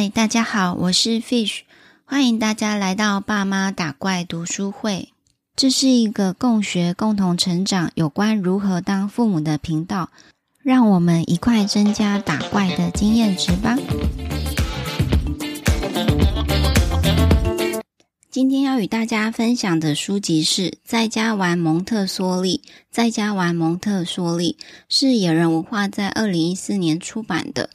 嗨，Hi，大家好，我是 Fish，歡迎大家來到爸媽打怪讀書會。這是一個共學、共同成長，有關如何當父母的頻道，讓我們一塊增加打怪的經驗值吧。今天要與大家分享的書籍是《在家玩蒙特梭利》，《在家玩蒙特梭利》梭利是野人文化在二零一四年出版的。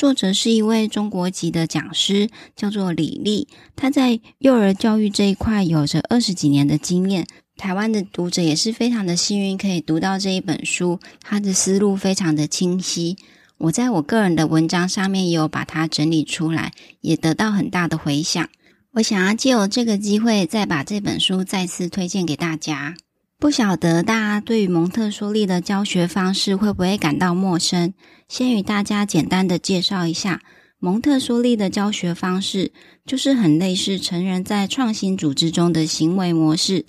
作者是一位中國籍的講師，叫做李麗。他在幼兒教育這一塊有着二十幾年的經驗。台灣的讀者也是非常的幸運，可以讀到這一本書。他的思路非常的清晰。我在我個人的文章上面也有把它整理出來，也得到很大的回響。我想要借由這個機會，再把這本書再次推薦給大家。不曉得大家對於蒙特梭利的教學方式會不會感到陌生？先與大家簡單的介紹一下，蒙特梭利的教學方式就是很類似成人在創新組織中的行為模式。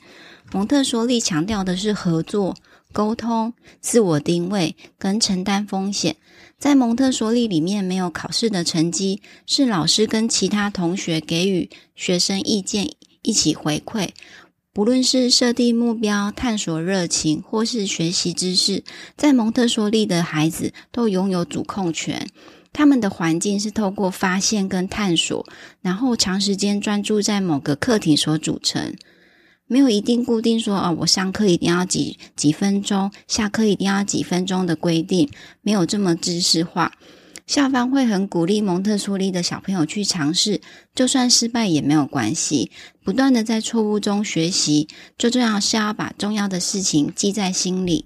蒙特梭利強調的是合作、溝通、自我定位跟承擔風險。在蒙特梭利裡面，沒有考試的成績，是老師跟其他同學給予學生意見一起回饋。不論是設定目標、探索熱情，或是學習知識，在蒙特梭利的孩子都擁有主控權。他們的環境是透過發現跟探索，然後長時間專注在某個課題所組成。沒有一定固定說啊，我上課一定要幾幾分鐘，下課一定要幾分鐘的規定，沒有這麼知識化。校方會很鼓勵蒙特梭利的小朋友去嘗試，就算失敗也沒有關係，不斷的在錯誤中學習，最重要是要把重要的事情記在心裡。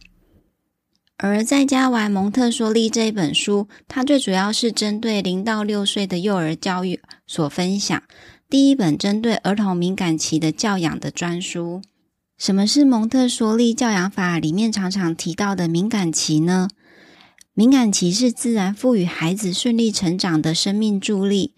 而在家玩蒙特梭利這一本書，它最主要是針對零到六歲的幼兒教育所分享，第一本針對兒童敏感期的教養的專書。什麼是蒙特梭利教養法裡面常常提到的敏感期呢？敏感期是自然賦予孩子順利成長的生命助力。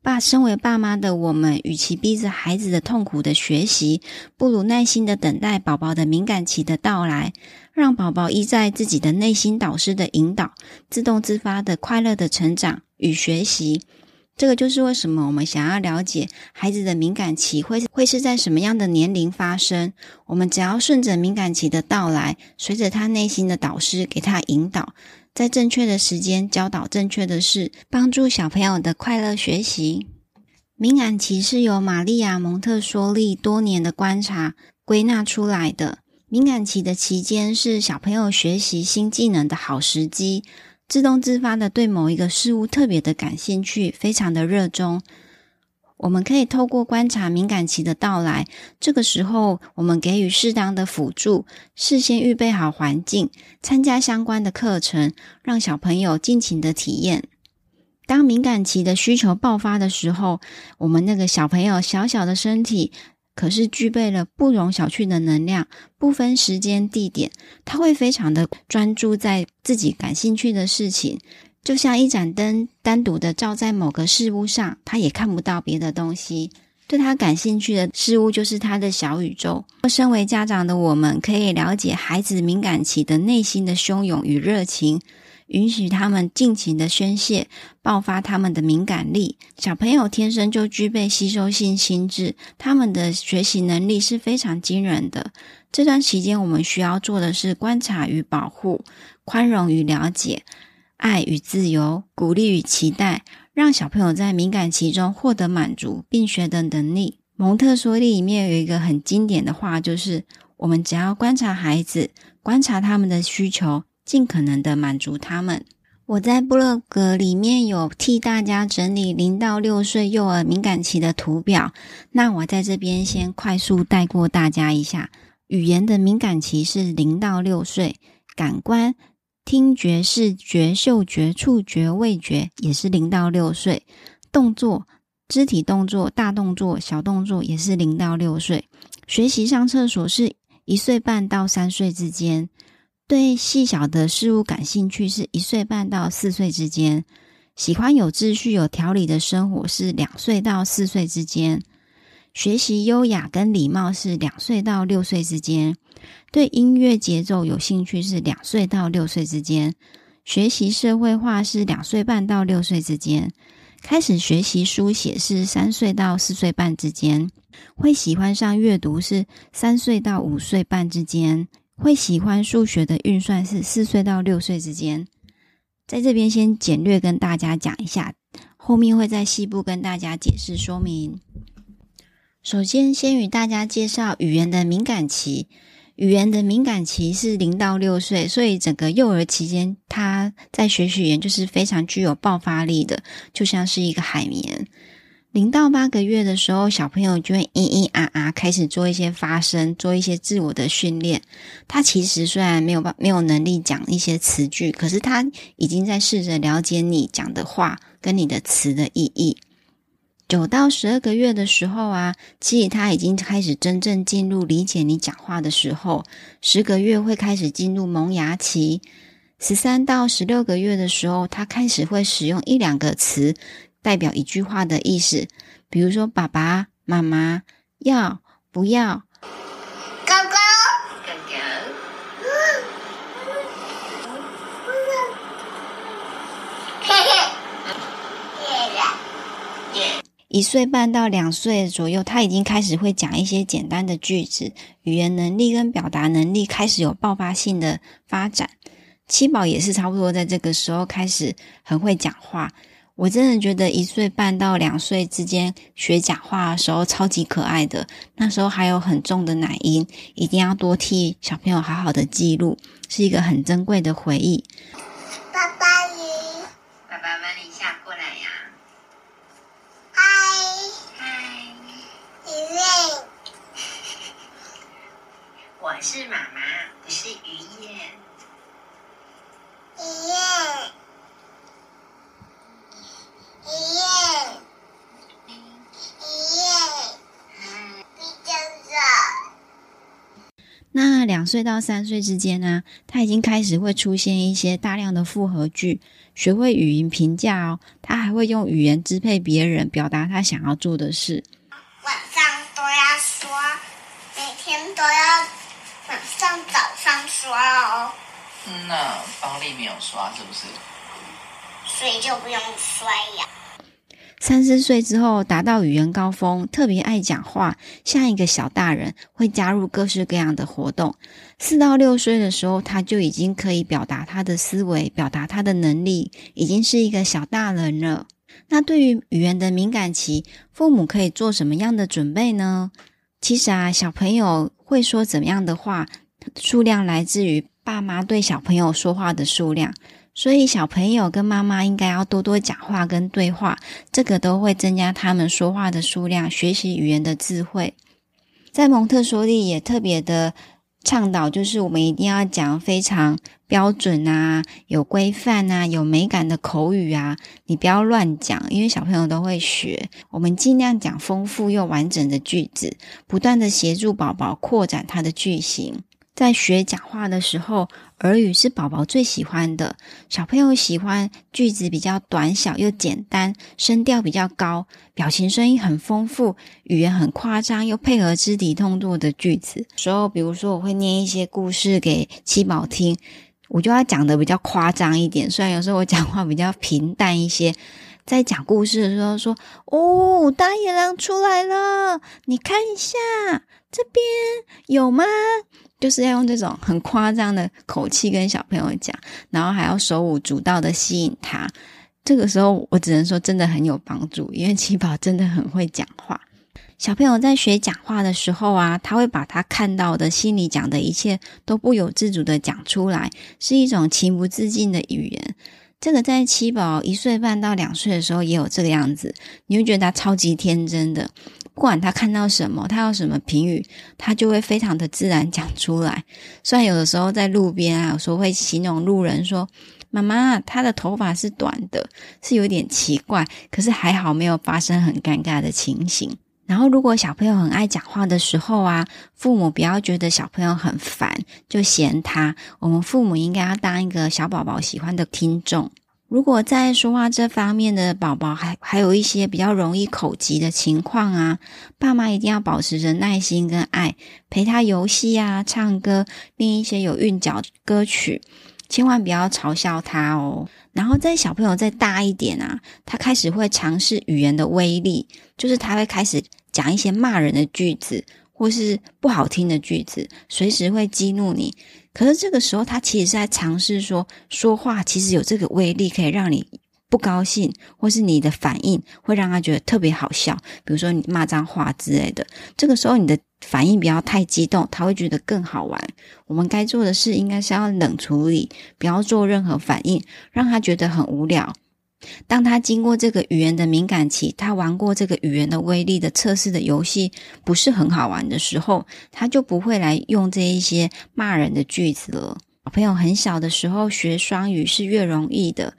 爸，身為爸媽的我們，與其逼着孩子的痛苦的學習，不如耐心的等待寶寶的敏感期的到來，讓寶寶依在自己的內心導師的引導，自動自發的快樂的成長與學習。這個就是為什麼我們想要了解孩子的敏感期會是會是在什麼樣的年齡發生。我們只要順着敏感期的到來，隨着他內心的導師給他引導。在正確的時間教導正確的事，幫助小朋友的快樂學習。敏感期是由瑪利亞蒙特梭利多年的觀察歸納出來的。敏感期的期間是小朋友學習新技能的好時機，自動自發的對某一個事物特別的感興趣，非常的熱衷。我們可以透過觀察敏感期的到來，這個時候我們給予適當的輔助，事先預備好環境，參加相關的課程，讓小朋友盡情的體驗。當敏感期的需求爆發的時候，我們那個小朋友小小的身體可是具備了不容小覷的能量，不分時間地點，他會非常的專注在自己感興趣的事情。就像一盞燈單獨的照在某個事物上，他也看不到別的東西。對他感興趣的事物，就是他的小宇宙。身為家長的我們，可以了解孩子敏感期的內心的洶湧與熱情，允許他們盡情的宣洩，爆發他們的敏感力。小朋友天生就具備吸收性心智，他們的學習能力是非常驚人的。這段期間，我們需要做的是觀察與保護，寬容與了解。愛與自由，鼓勵與期待，讓小朋友在敏感期中獲得滿足，並習得能力。蒙特梭利裡面有一個很經典的話，就是我們只要觀察孩子，觀察他們的需求，盡可能的滿足他們。我在部落格裡面有替大家整理零到六歲幼兒敏感期的圖表，那我在這邊先快速帶過大家一下：語言的敏感期是零到六歲，感官。聽覺、視覺、嗅覺、觸覺、觸覺、味覺也是零到六歲。動作、肢體動作、大動作、小動作也是零到六歲。學習上廁所是一歲半到三歲之間。對細小的事物感興趣是一歲半到四歲之間。喜歡有秩序、有條理的生活是兩歲到四歲之間。學習優雅跟禮貌是兩歲到六歲之間；對音樂節奏有興趣是兩歲到六歲之間；學習社會化是兩歲半到六歲之間；開始學習書寫是三歲到四歲半之間；會喜歡上閱讀是三歲到五歲半之間；會喜歡數學的運算是四歲到六歲之間。在這邊先簡略跟大家講一下，後面會在細部跟大家解釋說明。首先，先與大家介紹語言的敏感期。語言的敏感期是零到六歲，所以整個幼兒期間，他在學語言就是非常具有爆發力的，就像是一個海綿。零到八個月的時候，小朋友就會咿咿啊啊開始做一些發聲，做一些自我的訓練。他其實雖然沒有沒有能力講一些詞句，可是他已經在試着了解你講的話跟你的詞的意義。九到十二個月的時候啊，其實他已經開始真正進入理解你講話的時候。十個月會開始進入萌芽期。十三到十六個月的時候，他開始會使用一兩個詞代表一句話的意思，比如說“爸爸”、“媽媽”要、“要不要”。一歲半到兩歲左右，他已經開始會講一些簡單的句子，語言能力跟表達能力開始有爆發性的發展。七寶也是差不多在這個時候開始很會講話，我真的覺得一歲半到兩歲之間學講話的時候超級可愛的，那時候還有很重的奶音，一定要多替小朋友好好的記錄，是一個很珍貴的回憶。歲到三歲之間、啊、他已經開始會出現一些大量的複合句，學會語音評價哦，他還會用語言支配別人，表達他想要做的事。晚上都要刷，每天都要晚上早上刷哦。那方裡沒有刷，是不是？所以就不用刷牙。三四歲之後達到語言高峰，特別愛講話，像一個小大人，會加入各式各樣的活動。四到六歲的時候，他就已經可以表達他的思維，表達他的能力，已經是一個小大人了。那對於語言的敏感期，父母可以做什麼樣的準備呢？其實啊，小朋友會說怎麼樣的話，數量來自於爸媽對小朋友說話的數量。所以，小朋友跟媽媽應該要多多講話跟對話，這個都會增加他們說話的數量，學習語言的智慧。在蒙特梭利也特別的倡導，就是我們一定要講非常標準啊、有規範啊、有美感的口語啊，你不要亂講，因為小朋友都會學。我們盡量講豐富又完整的句子，不斷的協助寶寶擴展他的句型。在學講話的時候，兒語是寶寶最喜歡的。小朋友喜歡句子比較短小又簡單，聲調比較高，表情聲音很豐富，語言很誇張又配合肢體動作的句子。有時候，比如說我會念一些故事給七寶聽，我就要講得比較誇張一點。雖然有時候我講話比較平淡一些，在講故事的時候說：“哦，大野狼出來了，你看一下這邊有嗎？”就是要用這種很誇張的口氣跟小朋友講，然後還要手舞足蹈的吸引他。這個時候，我只能說真的很有幫助，因為七寶真的很會講話。小朋友在學講話的時候啊，他會把他看到的、心裡講的一切都不由自主的講出來，是一種情不自禁的語言。這個在七寶一歲半到兩歲的時候也有這個樣子，你會覺得他超級天真的。不管他看到什麼，他有什麼評語，他就會非常的自然講出來。雖然有的時候在路邊啊，有時候會形容路人說：“媽媽，他的頭髮是短的，是有點奇怪。”可是還好沒有發生很尷尬的情形。然後，如果小朋友很愛講話的時候啊，父母不要覺得小朋友很煩，就嫌他。我們父母應該要當一個小寶寶喜歡的聽眾。如果在說話這方面的寶寶還還有一些比較容易口吃的情況啊，爸媽一定要保持着耐心跟愛，陪他遊戲啊，唱歌，念一些有韻腳歌曲，千萬不要嘲笑他哦。然後在小朋友再大一點啊，他開始會嘗試語言的威力，就是他會開始講一些罵人的句子，或是不好聽的句子，隨時會激怒你。可是這個時候，他其實是在嘗試說說話，其實有這個威力，可以讓你不高興，或是你的反應會讓他覺得特別好笑。比如說你罵髒話之類的，這個時候你的反應不要太激動，他會覺得更好玩。我們該做的是應該是要冷處理，不要做任何反應，讓他覺得很無聊。當他經過這個語言的敏感期，他玩過這個語言的威力的測試的遊戲不是很好玩的時候，他就不會來用這一些罵人的句子了。小朋友很小的時候學雙語是越容易的，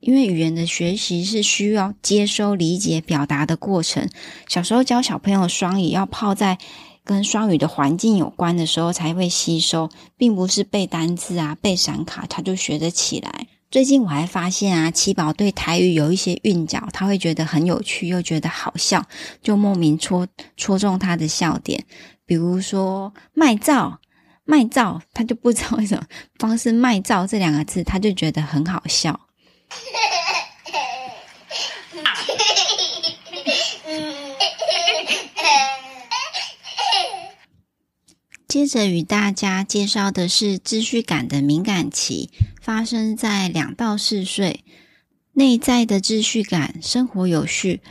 因為語言的學習是需要接收、理解、表達的過程。小時候教小朋友雙語，要泡在跟雙語的環境有關的時候才會吸收，並不是背單字啊、背閃卡，他就學得起來。最近我還發現啊，七寶對台語有一些韻腳，他會覺得很有趣，又覺得好笑，就莫名戳戳中他的笑點。比如說“賣照”，“賣照”，他就不知道為什麼，光是“賣照”這兩個字，他就覺得很好笑。啊。接着與大家介紹的是秩序感的敏感期，發生在兩到四歲。內在的秩序感、生活有序，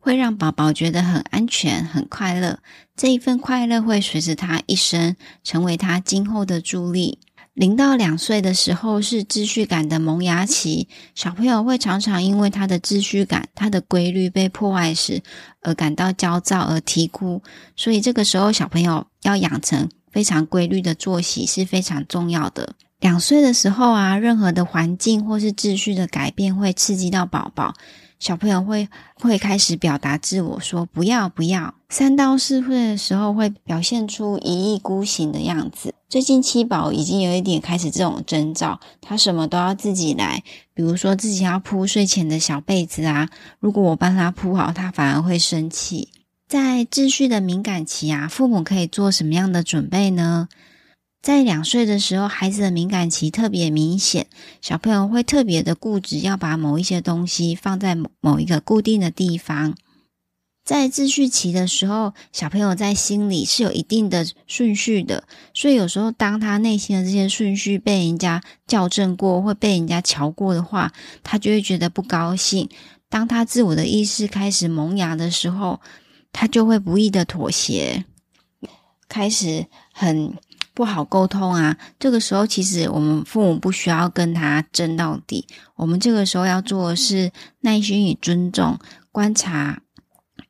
會讓寶寶覺得很安全、很快樂。這一份快樂會隨着他一生，成為他今後的助力。零到兩歲的時候是秩序感的萌芽期，小朋友會常常因為他的秩序感、他的規律被破壞時而感到焦躁而啼哭，所以這個時候小朋友要養成非常規律的作息是非常重要的。兩歲的時候啊，任何的環境或是秩序的改變會刺激到寶寶。小朋友會會開始表達自我，說不要不要。三到四歲的時候會表現出一意孤行的樣子。最近七寶已經有一點開始這種徵兆，他什麼都要自己來，比如說自己要鋪睡前的小被子啊。如果我幫他鋪好，他反而會生氣。在秩序的敏感期啊，父母可以做什麼樣的準備呢？在兩歲的時候，孩子的敏感期特別明顯，小朋友會特別的固執，要把某一些東西放在某一個固定的地方。在秩序期的時候，小朋友在心裡是有一定的順序的，所以有時候當他內心的這些順序被人家校正過，或被人家瞧過的話，他就會覺得不高興。當他自我的意識開始萌芽的時候，他就會不易的妥協，開始很。不好溝通啊！這個時候，其實我們父母不需要跟他爭到底。我們這個時候要做的是耐心與尊重、觀察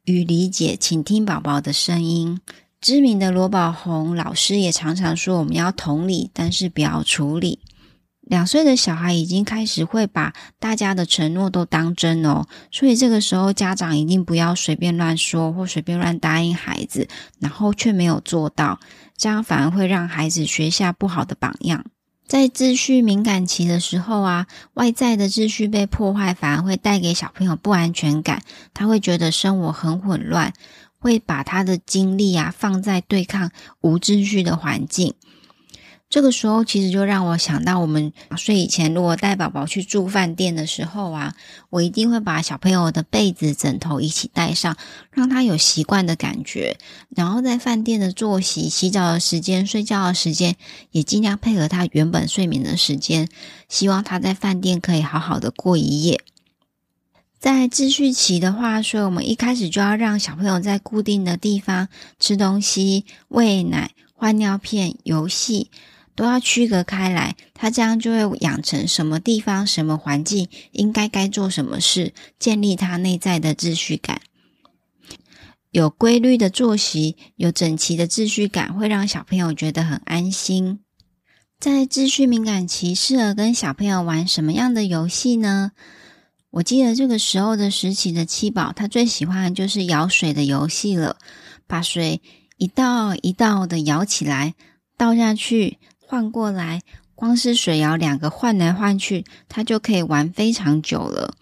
與理解，傾聽寶寶的聲音。知名的羅寶鴻老師也常常說，我們要同理，但是不要處理。兩歲的小孩已經開始會把大家的承諾都當真哦，所以這個時候家長一定不要隨便亂說，或隨便亂答應孩子，然後卻沒有做到。這樣反而會讓孩子學下不好的榜樣。在秩序敏感期的時候啊，外在的秩序被破壞，反而會帶給小朋友不安全感。他會覺得生活很混亂，會把他的精力啊放在對抗無秩序的環境。這個時候，其實就讓我想到，我們睡以前，如果帶寶寶去住飯店的時候啊，我一定會把小朋友的被子、枕頭一起帶上，讓他有習慣的感覺。然後在飯店的作息、洗澡的時間、睡覺的時間，也儘量配合他原本睡眠的時間，希望他在飯店可以好好的過一夜。在秩序期的話，所以我們一開始就要讓小朋友在固定的地方吃東西、餵奶、換尿片、遊戲。都要區隔開來，他這樣就會養成什麼地方、什麼環境應該該做什麼事，建立他內在的秩序感。有規律的作息，有整齊的秩序感，會讓小朋友覺得很安心。在秩序敏感期，適合跟小朋友玩什麼樣的遊戲呢？我記得這個時候的時期的七寶，他最喜歡的就是舀水的遊戲了，把水一道一道的舀起來，倒下去。換過來，光是水搖兩個換來換去，他就可以玩非常久了。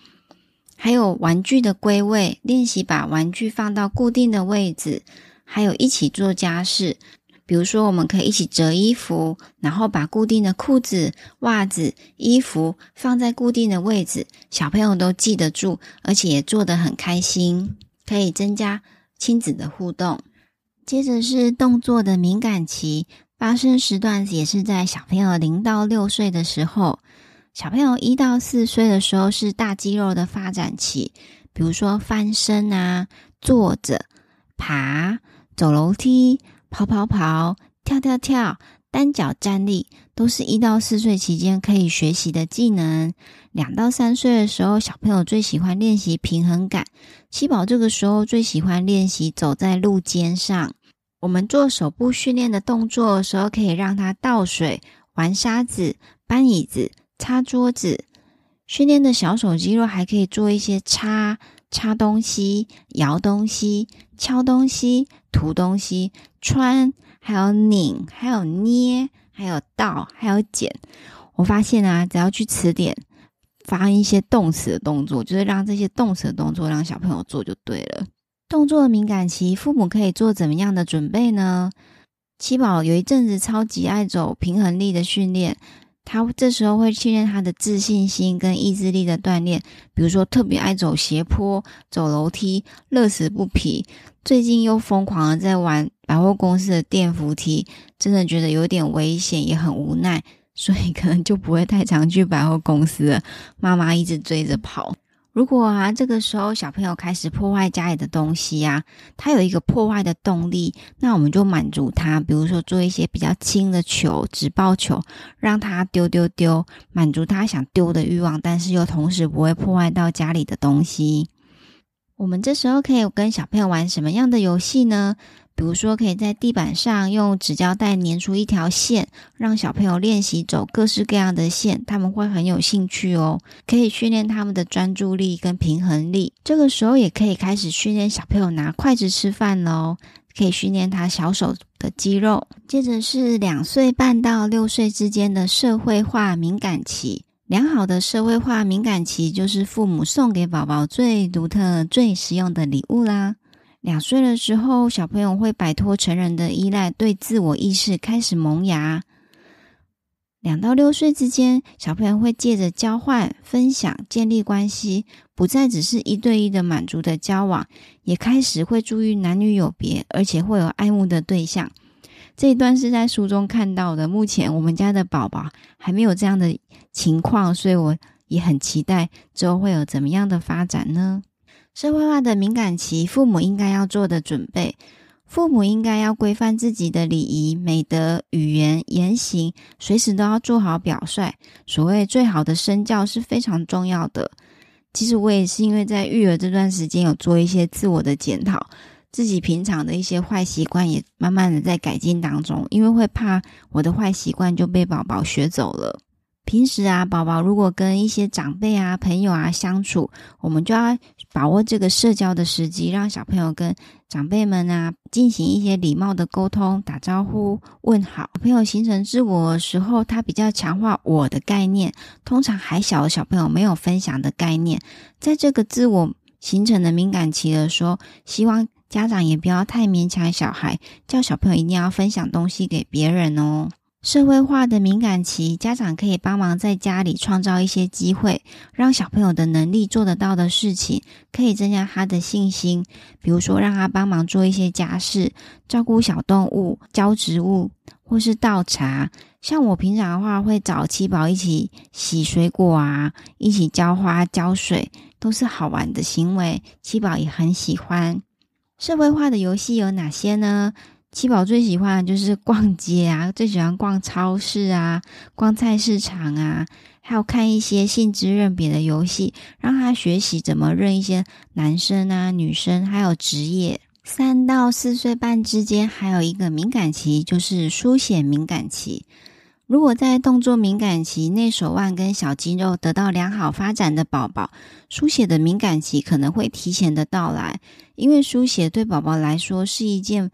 還有玩具的歸位練習，把玩具放到固定的位置，還有一起做家事，比如說我們可以一起折衣服，然後把固定的褲子、襪子、衣服放在固定的位置，小朋友都記得住，而且也做得很開心，可以增加親子的互動。接着是動作的敏感期。發生時段也是在小朋友零到六歲的時候，小朋友一到四歲的時候是大肌肉的發展期，比如說翻身啊、坐着、爬、走樓梯、跑跑跑、跳跳跳、單腳站立，都是一到四歲期間可以學習的技能。兩到三歲的時候，小朋友最喜歡練習平衡感，七寶這個時候最喜歡練習走在路肩上。我們做手部訓練的動作的時候，可以讓他倒水、玩沙子、搬椅子、擦桌子。訓練的小手肌肉還可以做一些擦、擦東西、搖東西、敲東西、塗東西、穿，還有擰還有、還有捏、還有倒、還有剪。我發現啊，只要去詞典，發一些動詞的動作，就是讓這些動詞的動作讓小朋友做就對了。動作的敏感期，父母可以做怎麼樣的準備呢？七寶有一陣子超級愛走平衡力的訓練，他這時候會訓練他的自信心跟意志力的鍛鍊。比如說，特別愛走斜坡、走樓梯，樂此不疲。最近又瘋狂的在玩百貨公司的電扶梯，真的覺得有點危險，也很無奈，所以可能就不會太常去百貨公司了。媽媽一直追着跑。如果啊，這個時候小朋友開始破壞家裡的東西啊，他有一個破壞的動力，那我們就滿足他，比如說做一些比較輕的球、紙包球，讓他丟丢丢，滿足他想丟的慾望，但是又同時不會破壞到家裡的東西。我們這時候可以跟小朋友玩什麼樣的遊戲呢？比如說，可以在地板上用紙膠帶粘出一條線，讓小朋友練習走各式各樣的線，他們會很有興趣哦，可以訓練他們的專注力跟平衡力。這個時候也可以開始訓練小朋友拿筷子吃飯嘍，哦，可以訓練他小手的肌肉。接着是兩歲半到六歲之間的社會化敏感期，良好的社會化敏感期就是父母送給寶寶最獨特、最實用的禮物啦。兩歲的時候，小朋友會擺脫成人的依賴，對自我意識開始萌芽。兩到六歲之間，小朋友會借着交換、分享、建立關係，不再只是一對一的滿足的交往，也開始會注意男女有別，而且會有愛慕的對象。這一段是在書中看到的，目前我們家的寶寶還沒有這樣的情況，所以我也很期待之後會有怎麼樣的發展呢？社會化的敏感期，父母應該要做的準備。父母應該要規範自己的禮儀、美德、語言、言行，隨時都要做好表率。所謂最好的身教是非常重要的。其實我也是因為在育兒這段時間有做一些自我的檢討，自己平常的一些壞習慣也慢慢的在改進當中。因為中，因為會怕我的壞習慣就被寶寶學走了。平時啊，寶寶如果跟一些長輩啊、朋友啊相處，我們就要。把握這個社交的時機，讓小朋友跟長輩們啊進行一些禮貌的溝通、打招呼、問好。小朋友形成自我的時候，他比較強化“我的”概念，通常還小的小朋友沒有分享的概念。在這個自我形成的敏感期的時候，希望家長也不要太勉強小孩，叫小朋友一定要分享東西給別人哦。社會化的敏感期，家長可以幫忙在家裡創造一些機會，讓小朋友的能力做得到的事情，可以增加他的信心。比如說，讓他幫忙做一些家事，照顧小動物、澆植物，或是倒茶。像我平常的話，會找七寶一起洗水果啊，一起澆花、澆水，都是好玩的行為。七寶也很喜歡。社會化的遊戲有哪些呢？七寶最喜歡的就是逛街啊，最喜歡逛超市啊，逛菜市場啊，還有看一些性質認別的遊戲，讓他學習怎麼認一些男生啊、女生，還有職業。三到四歲半之間還有一個敏感期，就是書寫敏感期。如果在動作敏感期內，手腕跟小肌肉得到良好發展的寶寶，書寫的敏感期可能會提前的到來，因為書寫對寶寶來說是一件。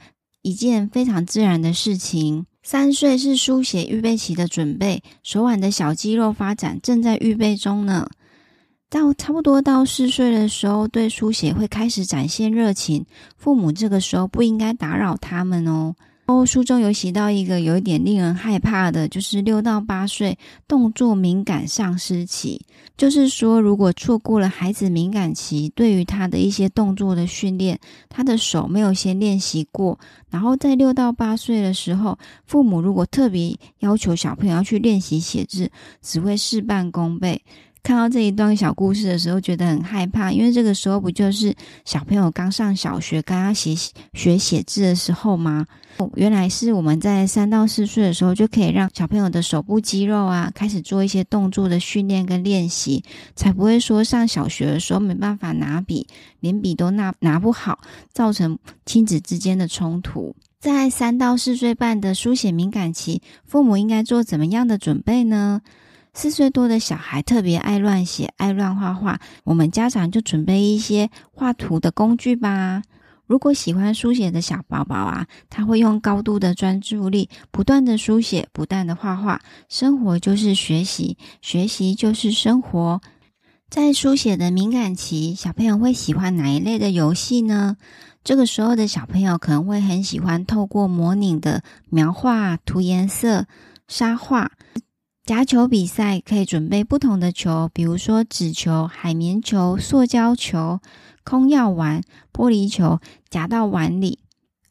一件非常自然的事情。三歲是書寫預備期的準備，手腕的小肌肉發展正在預備中呢。到差不多到四歲的時候，對書寫會開始展現熱情，父母這個時候不應該打擾他們哦。哦，書中有寫到一個有一點令人害怕的，就是六到八歲動作敏感喪失期。就是說，如果錯過了孩子敏感期，對於他的一些動作的訓練，他的手沒有先練習過，然後在六到八歲的時候，父母如果特別要求小朋友要去練習寫字，只會事半功倍。看到這一段小故事的時候，覺得很害怕，因為這個時候不就是小朋友剛上小學，剛要寫學寫字的時候嗎？原來是我們在三到四歲的時候，就可以讓小朋友的手部肌肉啊，開始做一些動作的訓練跟練習，才不會說上小學的時候沒辦法拿筆，連筆都拿拿不好，造成親子之間的衝突。在三到四歲半的書寫敏感期，父母應該做怎麼樣的準備呢？四歲多的小孩特別愛亂寫，愛亂畫畫。我們家長就準備一些畫圖的工具吧。如果喜歡書寫的小寶寶啊，他會用高度的專注力，不斷的書寫，不斷的畫畫。生活就是學習，學習就是生活。在書寫的敏感期，小朋友會喜歡哪一類的遊戲呢？這個時候的小朋友可能會很喜歡透過模擬的描畫、塗顏色、沙畫。夾球比賽可以準備不同的球，比如說紙球、海綿球、塑膠球、空藥丸、玻璃球，夾到碗裡。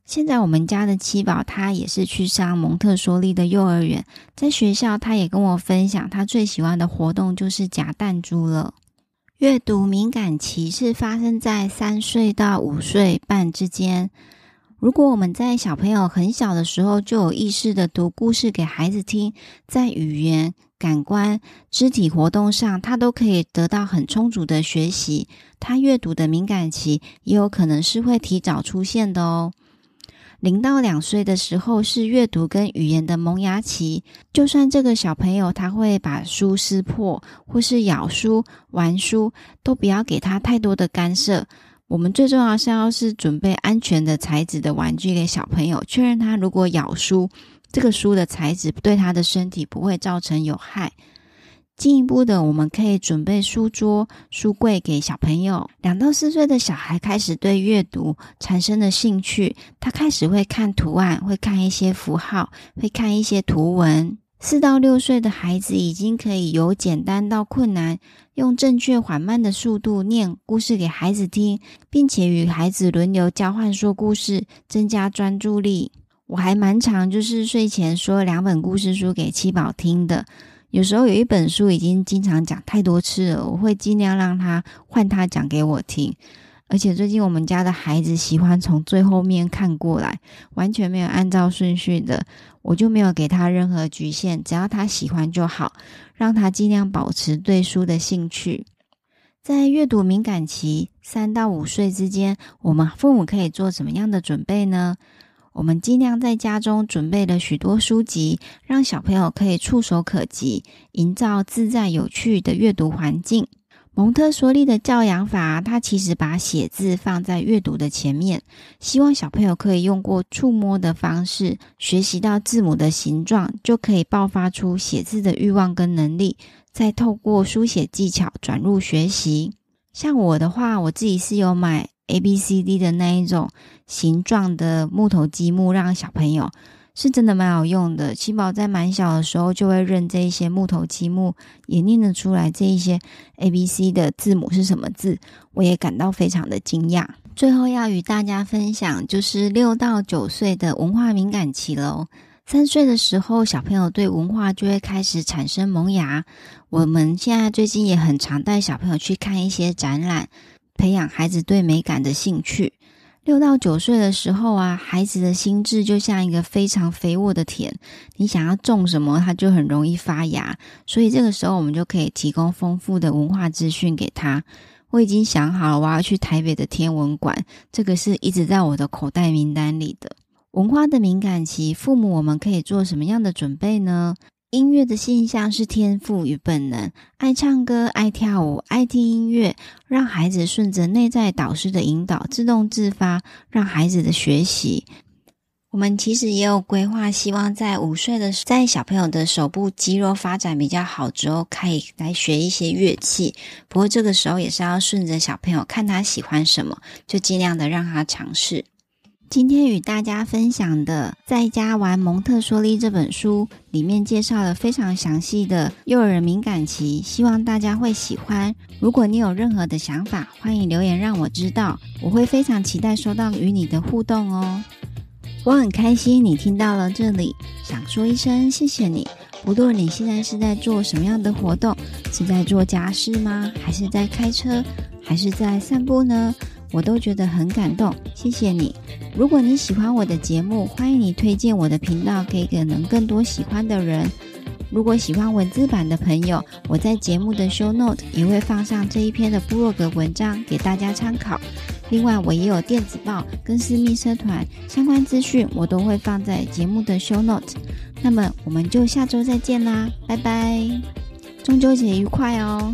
現在我們家的七寶，他也是去上蒙特梭利的幼兒園，在學校他也跟我分享，他最喜歡的活動就是夾彈珠了。閱讀敏感期是發生在三歲到五歲半之間。如果我們在小朋友很小的時候就有意識地讀故事給孩子聽，在語言、感官、肢體活動上，他都可以得到很充足的學習。他閱讀的敏感期也有可能是會提早出現的哦。零到兩歲的時候是閱讀跟語言的萌芽期，就算這個小朋友他會把書撕破，或是咬書、玩書，都不要給他太多的干涉。我們最重要的是要是準備安全的材質的玩具給小朋友，確認他如果咬書，這個書的材質對他的身體不會造成有害。進一步的，我們可以準備書桌、書櫃給小朋友。兩到四歲的小孩開始對閱讀產生了興趣，他開始會看圖案，會看一些符號，會看一些圖文。四到六歲的孩子已經可以由簡單到困難，用正確緩慢的速度念故事給孩子聽，並且與孩子輪流交換說故事，增加專注力。我還蠻常就是睡前說兩本故事書給七寶聽的，有時候有一本書已經經常講太多次了，我會儘量讓他換他講給我聽。而且最近我們家的孩子喜歡從最後面看過來，完全沒有按照順序的，我就沒有給他任何局限，只要他喜歡就好，讓他盡量保持對書的興趣。在閱讀敏感期，三到五歲之間，我們父母可以做什麼樣的準備呢？我們盡量在家中準備了許多書籍，讓小朋友可以觸手可及，營造自在有趣的閱讀環境。蒙特梭利的教養法，他其實把寫字放在閱讀的前面，希望小朋友可以用過觸摸的方式，學習到字母的形狀，就可以爆發出寫字的慾望跟能力，再透過書寫技巧轉入學習。像我的話，我自己是有買 A B C D 的那一種形狀的木頭積木，讓小朋友。是真的蠻好用的。七寶在蠻小的時候就會認這一些木頭積木，也念得出來這一些 ABC 的字母是什麼字，我也感到非常的驚訝。最後要與大家分享就是，六到九歲的文化敏感期了哦。三歲的時候，小朋友對文化就會開始產生萌芽。我們現在最近也很常帶小朋友去看一些展覽，培養孩子對美感的興趣。六到九歲的時候啊，孩子的心智就像一個非常肥沃的田，你想要種什麼，它就很容易發芽。所以這個時候，我們就可以提供豐富的文化資訊給他。我已經想好了，我要去台北的天文館，這個是一直在我的口袋名單裡的。文化的敏感期，父母我們可以做什麼樣的準備呢？音樂的現象是天賦與本能，愛唱歌、愛跳舞、愛聽音樂，讓孩子順着內在導師的引導，自動自發，讓孩子的學習。我們其實也有規劃，希望在五歲的，在小朋友的手部肌肉發展比較好之後，可以來學一些樂器。不過這個時候也是要順着小朋友，看他喜歡什麼，就盡量的讓他嘗試。今天與大家分享的《在家玩蒙特梭利》這本書，裡面介紹了非常詳細的幼兒敏感期，希望大家會喜歡。如果你有任何的想法，歡迎留言讓我知道，我會非常期待收到與你的互動哦。我很開心你聽到了這裡，想說一聲謝謝你。不論你現在是在做什麼樣的活動，是在做家事嗎？還是在開車？還是在散步呢？我都覺得很感動，謝謝你。如果你喜歡我的節目，歡迎你推薦我的頻道，給可能更多喜歡的人。如果喜歡文字版的朋友，我在節目的 show note 也會放上這一篇的部落格文章給大家參考。另外，我也有電子報跟私密社團相關資訊，我都會放在節目的 show note。那麼，我們就下周再見啦，拜拜！中秋節愉快哦！